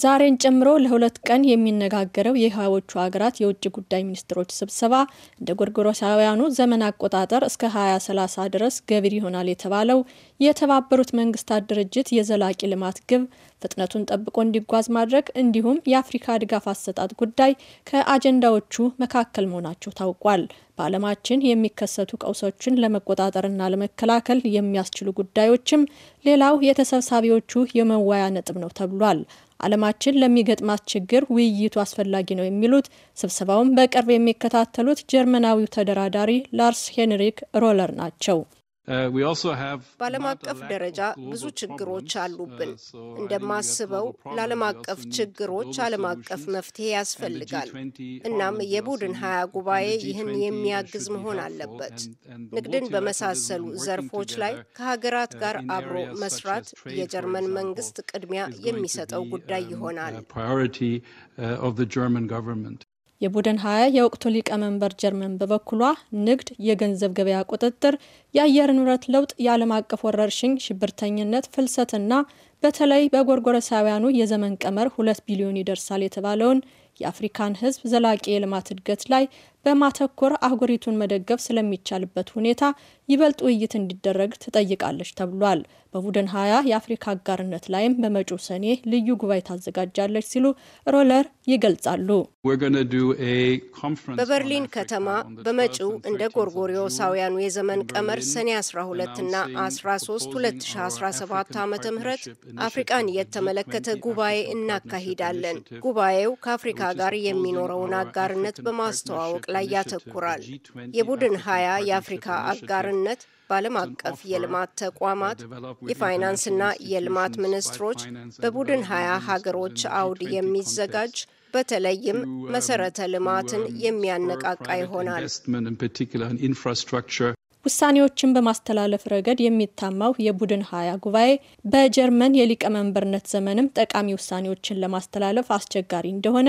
ዛሬን ጨምሮ ለሁለት ቀን የሚነጋገረው የህዋዎቹ ሀገራት የውጭ ጉዳይ ሚኒስትሮች ስብሰባ እንደ ጎርጎሮሳውያኑ ዘመን አቆጣጠር እስከ 2030 ድረስ ገቢር ይሆናል የተባለው የተባበሩት መንግስታት ድርጅት የዘላቂ ልማት ግብ ፍጥነቱን ጠብቆ እንዲጓዝ ማድረግ እንዲሁም የአፍሪካ ድጋፍ አሰጣጥ ጉዳይ ከአጀንዳዎቹ መካከል መሆናቸው ታውቋል። በዓለማችን የሚከሰቱ ቀውሶችን ለመቆጣጠርና ለመከላከል የሚያስችሉ ጉዳዮችም ሌላው የተሰብሳቢዎቹ የመወያ ነጥብ ነው ተብሏል። ዓለማችን ለሚገጥማት ችግር ውይይቱ አስፈላጊ ነው የሚሉት ስብሰባውን በቅርብ የሚከታተሉት ጀርመናዊው ተደራዳሪ ላርስ ሄንሪክ ሮለር ናቸው። በዓለም uh, አቀፍ ደረጃ ብዙ ችግሮች uh, አሉብን። እንደማስበው ለዓለም አቀፍ ችግሮች ዓለም አቀፍ መፍትሄ ያስፈልጋል። እናም የቡድን ሀያ ጉባኤ ይህን የሚያግዝ መሆን አለበት። ንግድን በመሳሰሉ ዘርፎች ላይ uh, ከሀገራት ጋር አብሮ መስራት የጀርመን መንግስት ቅድሚያ የሚሰጠው ጉዳይ um, ይሆናል። የቡድን ሀያ የወቅቱ ሊቀመንበር ጀርመን በበኩሏ ንግድ፣ የገንዘብ ገበያ ቁጥጥር፣ የአየር ንብረት ለውጥ፣ የዓለም አቀፍ ወረርሽኝ፣ ሽብርተኝነት፣ ፍልሰትና በተለይ በጎርጎረሳውያኑ የዘመን ቀመር ሁለት ቢሊዮን ይደርሳል የተባለውን የአፍሪካን ሕዝብ ዘላቂ የልማት እድገት ላይ በማተኮር አህጉሪቱን መደገፍ ስለሚቻልበት ሁኔታ ይበልጥ ውይይት እንዲደረግ ትጠይቃለች ተብሏል። በቡድን ሀያ የአፍሪካ አጋርነት ላይም በመጪው ሰኔ ልዩ ጉባኤ ታዘጋጃለች ሲሉ ሮለር ይገልጻሉ። በበርሊን ከተማ በመጪው እንደ ጎርጎሪዮሳውያኑ የዘመን ቀመር ሰኔ 12 እና 13 2017 ዓ ም አፍሪቃን የተመለከተ ጉባኤ እናካሂዳለን። ጉባኤው ከአፍሪካ ጋር የሚኖረውን አጋርነት በማስተዋወቅ ላይ ያተኩራል። የቡድን ሀያ የአፍሪካ አጋርነት በዓለም አቀፍ የልማት ተቋማት የፋይናንስና የልማት ሚኒስትሮች በቡድን ሀያ ሀገሮች አውድ የሚዘጋጅ በተለይም um, መሰረተ ልማትን um, የሚያነቃቃ ይሆናል። ውሳኔዎችን በማስተላለፍ ረገድ የሚታማው የቡድን ሀያ ጉባኤ በጀርመን የሊቀመንበርነት ዘመንም ጠቃሚ ውሳኔዎችን ለማስተላለፍ አስቸጋሪ እንደሆነ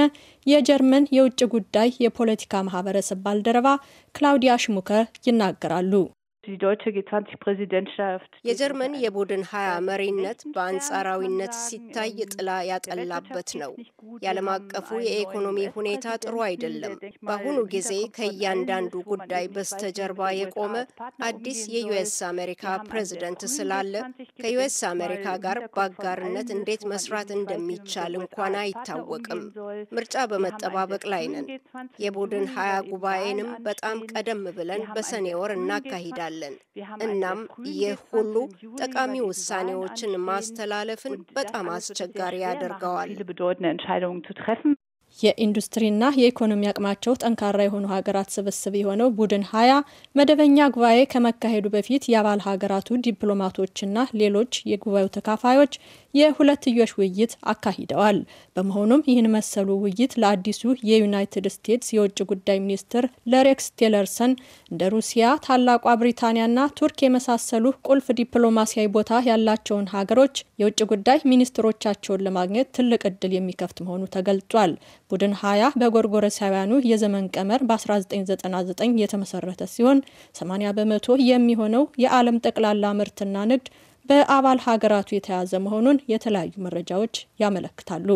የጀርመን የውጭ ጉዳይ የፖለቲካ ማህበረሰብ ባልደረባ ክላውዲያ ሽሙከር ይናገራሉ። የጀርመን የቡድን ሀያ መሪነት በአንጻራዊነት ሲታይ ጥላ ያጠላበት ነው። የዓለም አቀፉ የኢኮኖሚ ሁኔታ ጥሩ አይደለም። በአሁኑ ጊዜ ከእያንዳንዱ ጉዳይ በስተጀርባ የቆመ አዲስ የዩኤስ አሜሪካ ፕሬዝደንት ስላለ ከዩኤስ አሜሪካ ጋር በአጋርነት እንዴት መስራት እንደሚቻል እንኳን አይታወቅም። ምርጫ በመጠባበቅ ላይ ነን። የቡድን ሀያ ጉባኤንም በጣም ቀደም ብለን በሰኔ ወር እናካሂዳለን። እናውቃለን። እናም ይህ ሁሉ ጠቃሚ ውሳኔዎችን ማስተላለፍን በጣም አስቸጋሪ ያደርገዋል። የኢንዱስትሪና የኢኮኖሚ አቅማቸው ጠንካራ የሆኑ ሀገራት ስብስብ የሆነው ቡድን ሀያ መደበኛ ጉባኤ ከመካሄዱ በፊት የአባል ሀገራቱ ዲፕሎማቶችና ሌሎች የጉባኤው ተካፋዮች የሁለትዮሽ ውይይት አካሂደዋል። በመሆኑም ይህን መሰሉ ውይይት ለአዲሱ የዩናይትድ ስቴትስ የውጭ ጉዳይ ሚኒስትር ለሬክስ ቴለርሰን እንደ ሩሲያ፣ ታላቋ ብሪታንያና ቱርክ የመሳሰሉ ቁልፍ ዲፕሎማሲያዊ ቦታ ያላቸውን ሀገሮች የውጭ ጉዳይ ሚኒስትሮቻቸውን ለማግኘት ትልቅ እድል የሚከፍት መሆኑ ተገልጿል። ቡድን 20 በጎርጎረሳውያኑ የዘመን ቀመር በ1999 የተመሰረተ ሲሆን 80 በመቶ የሚሆነው የዓለም ጠቅላላ ምርትና ንግድ በአባል ሀገራቱ የተያዘ መሆኑን የተለያዩ መረጃዎች ያመለክታሉ።